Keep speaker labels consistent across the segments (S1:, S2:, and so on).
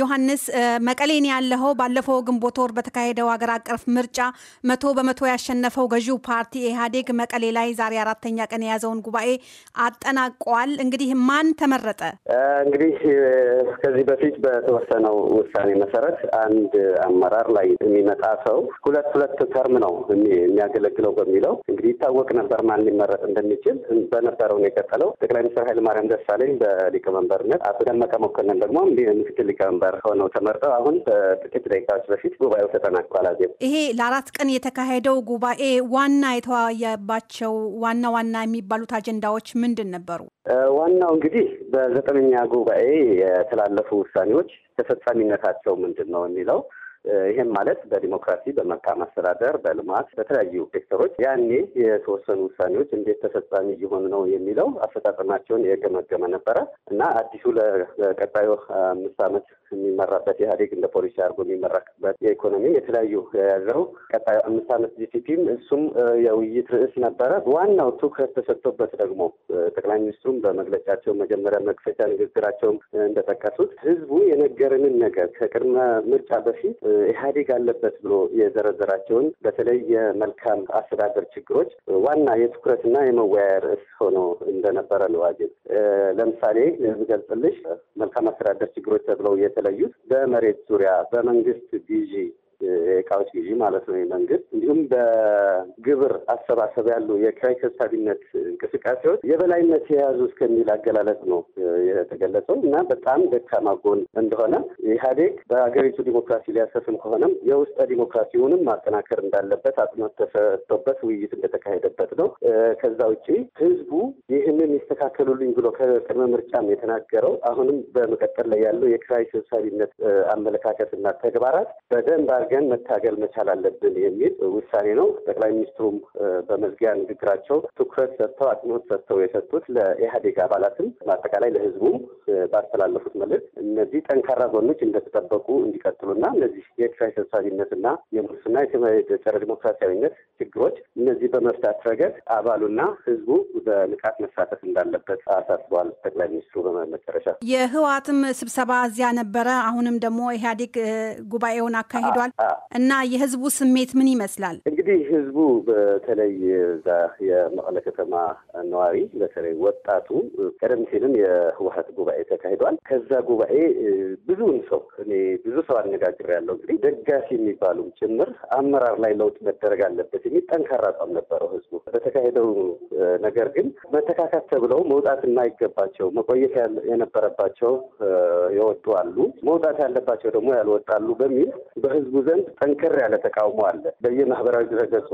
S1: ዮሐንስ መቀሌን ያለኸው ባለፈው ግንቦት ወር በተካሄደው ሀገር አቀፍ ምርጫ መቶ በመቶ ያሸነፈው ገዢው ፓርቲ ኢህአዴግ መቀሌ ላይ ዛሬ አራተኛ ቀን የያዘውን ጉባኤ አጠናቋል። እንግዲህ ማን ተመረጠ?
S2: እንግዲህ ከዚህ በፊት በተወሰነው ውሳኔ መሰረት አንድ አመራር ላይ የሚመጣ ሰው ሁለት ሁለት ተርም ነው የሚያገለግለው በሚለው እንግዲህ ይታወቅ ነበር ማን ሊመረጥ እንደሚችል። በነበረው ነው የቀጠለው። ጠቅላይ ሚኒስትር ኃይለማርያም ደሳለኝ በሊቀመንበርነት፣ አቶ ደመቀ መኮንን ደግሞ ምክትል ሊቀመንበር ሊቀመንበር ሆነው ተመርጠው አሁን በጥቂት ደቂቃዎች በፊት ጉባኤው ተጠናቋል። አዜብ፣
S1: ይሄ ለአራት ቀን የተካሄደው ጉባኤ ዋና የተወያየባቸው ዋና ዋና የሚባሉት አጀንዳዎች ምንድን ነበሩ?
S2: ዋናው እንግዲህ በዘጠነኛ ጉባኤ የተላለፉ ውሳኔዎች ተፈጻሚነታቸው ምንድን ነው የሚለው ይህም ማለት በዲሞክራሲ በመልካም አስተዳደር በልማት በተለያዩ ሴክተሮች ያኔ የተወሰኑ ውሳኔዎች እንዴት ተፈጻሚ እየሆኑ ነው የሚለው አፈጻጸማቸውን የገመገመ ነበረ እና አዲሱ ለቀጣዩ አምስት ዓመት የሚመራበት ኢህአዴግ እንደ ፖሊሲ አድርጎ የሚመራበት የኢኮኖሚ የተለያዩ የያዘው ቀጣዩ አምስት ዓመት ጂቲፒም እሱም የውይይት ርዕስ ነበረ። ዋናው ትኩረት ተሰጥቶበት ደግሞ ጠቅላይ ሚኒስትሩም በመግለጫቸው መጀመሪያ መክፈቻ ንግግራቸውም እንደጠቀሱት ህዝቡ የነገረንን ነገር ከቅድመ ምርጫ በፊት ኢህአዴግ አለበት ብሎ የዘረዘራቸውን በተለይ የመልካም አስተዳደር ችግሮች ዋና የትኩረትና የመወያያ ርዕስ ሆኖ እንደነበረ ነው። ለምሳሌ የሚገልጽልሽ መልካም አስተዳደር ችግሮች ተብለው የተለዩት በመሬት ዙሪያ በመንግስት ግዢ የእቃዎች ግዢ ማለት ነው መንግስት እንዲሁም በግብር አሰባሰብ ያሉ የኪራይ ሰብሳቢነት እንቅስቃሴዎች የበላይነት የያዙ እስከሚል አገላለጽ ነው የተገለጸው እና በጣም ደካማ ጎን እንደሆነ ኢህአዴግ በሀገሪቱ ዲሞክራሲ ሊያሰፍን ከሆነም የውስጠ ዲሞክራሲውንም ማጠናከር እንዳለበት አጽንኦት ተሰጥቶበት ውይይት እንደተካሄደበት ነው። ከዛ ውጭ ህዝቡ ይህንን ይስተካከሉልኝ ብሎ ከቅድመ ምርጫም የተናገረው አሁንም በመቀጠል ላይ ያለው የኪራይ ሰብሳቢነት አመለካከትና ተግባራት በደንብ አድርገን መታገል መቻል አለብን የሚል ውሳኔ ነው። ጠቅላይ ሚኒስትሩም በመዝጊያ ንግግራቸው ትኩረት ሰጥተው አጽንኦት ሰጥተው የሰጡት ለኢህአዴግ አባላትም በአጠቃላይ ለህዝቡም ባስተላለፉት መልዕክት እነዚህ ጠንካራ ጎኖች እንደተጠበቁ እንዲቀጥሉና እነዚህ የኪራይ ሰብሳቢነትና የሙስና የጸረ ዲሞክራሲያዊነት ችግሮች እነዚህ በመፍታት ረገድ አባሉና ህዝቡ በንቃት መሳተፍ እንዳለበት አሳስበዋል። ጠቅላይ ሚኒስትሩ በመጨረሻ
S1: የህወሓትም ስብሰባ እዚያ ነበረ። አሁንም ደግሞ ኢህአዴግ ጉባኤውን አካሂዷል። እና የህዝቡ ስሜት ምን ይመስላል?
S2: እንግዲህ ህዝቡ በተለይ እዛ የመቀለ ከተማ ነዋሪ በተለይ ወጣቱ ቀደም ሲልም የህወሀት ጉባኤ ተካሂዷል። ከዛ ጉባኤ ብዙውን ሰው እኔ ብዙ ሰው አነጋግር ያለው እንግዲህ ደጋፊ የሚባሉም ጭምር አመራር ላይ ለውጥ መደረግ አለበት የሚል ጠንካራ አቋም ነበረው ህዝቡ በተካሄደው ነገር ግን መተካካት ተብለው መውጣት የማይገባቸው መቆየት የነበረባቸው የወጡ አሉ፣ መውጣት ያለባቸው ደግሞ ያልወጣሉ በሚል በህዝቡ ዘንድ ጠንከር ያለ ተቃውሞ አለ። በየማህበራዊ ድረገጹ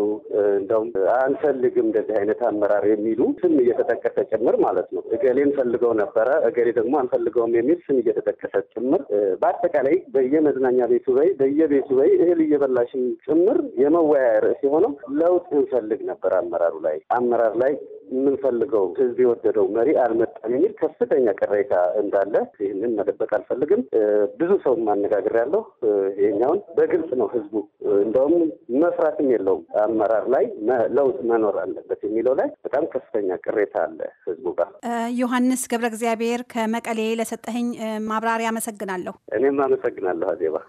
S2: እንደውም አንፈልግም እንደዚህ አይነት አመራር የሚሉ ስም እየተጠቀሰ ጭምር ማለት ነው። እገሌን ፈልገው ነበረ፣ እገሌ ደግሞ አንፈልገውም የሚል ስም እየተጠቀሰ ጭምር በአጠቃላይ በየመዝናኛ ቤቱ በይ በየቤቱ በይ እህል እየበላሽም ጭምር የመወያያ ርዕስ የሆነው ለውጥ እንፈልግ ነበር አመራሩ ላይ አመራር ላይ የምንፈልገው ህዝብ የወደደው መሪ አልመጣም የሚል ከፍተኛ ቅሬታ እንዳለ ይህንን መደበቅ አልፈልግም። ብዙ ሰው ማነጋገር ያለው ይሄኛውን በግልጽ ነው። ህዝቡ እንደውም መፍራትም የለውም አመራር ላይ ለውጥ መኖር አለበት የሚለው ላይ በጣም ከፍተኛ ቅሬታ አለ ህዝቡ ጋር።
S1: ዮሐንስ ገብረ እግዚአብሔር ከመቀሌ ለሰጠኝ ማብራሪያ አመሰግናለሁ።
S2: እኔም አመሰግናለሁ አዜባ።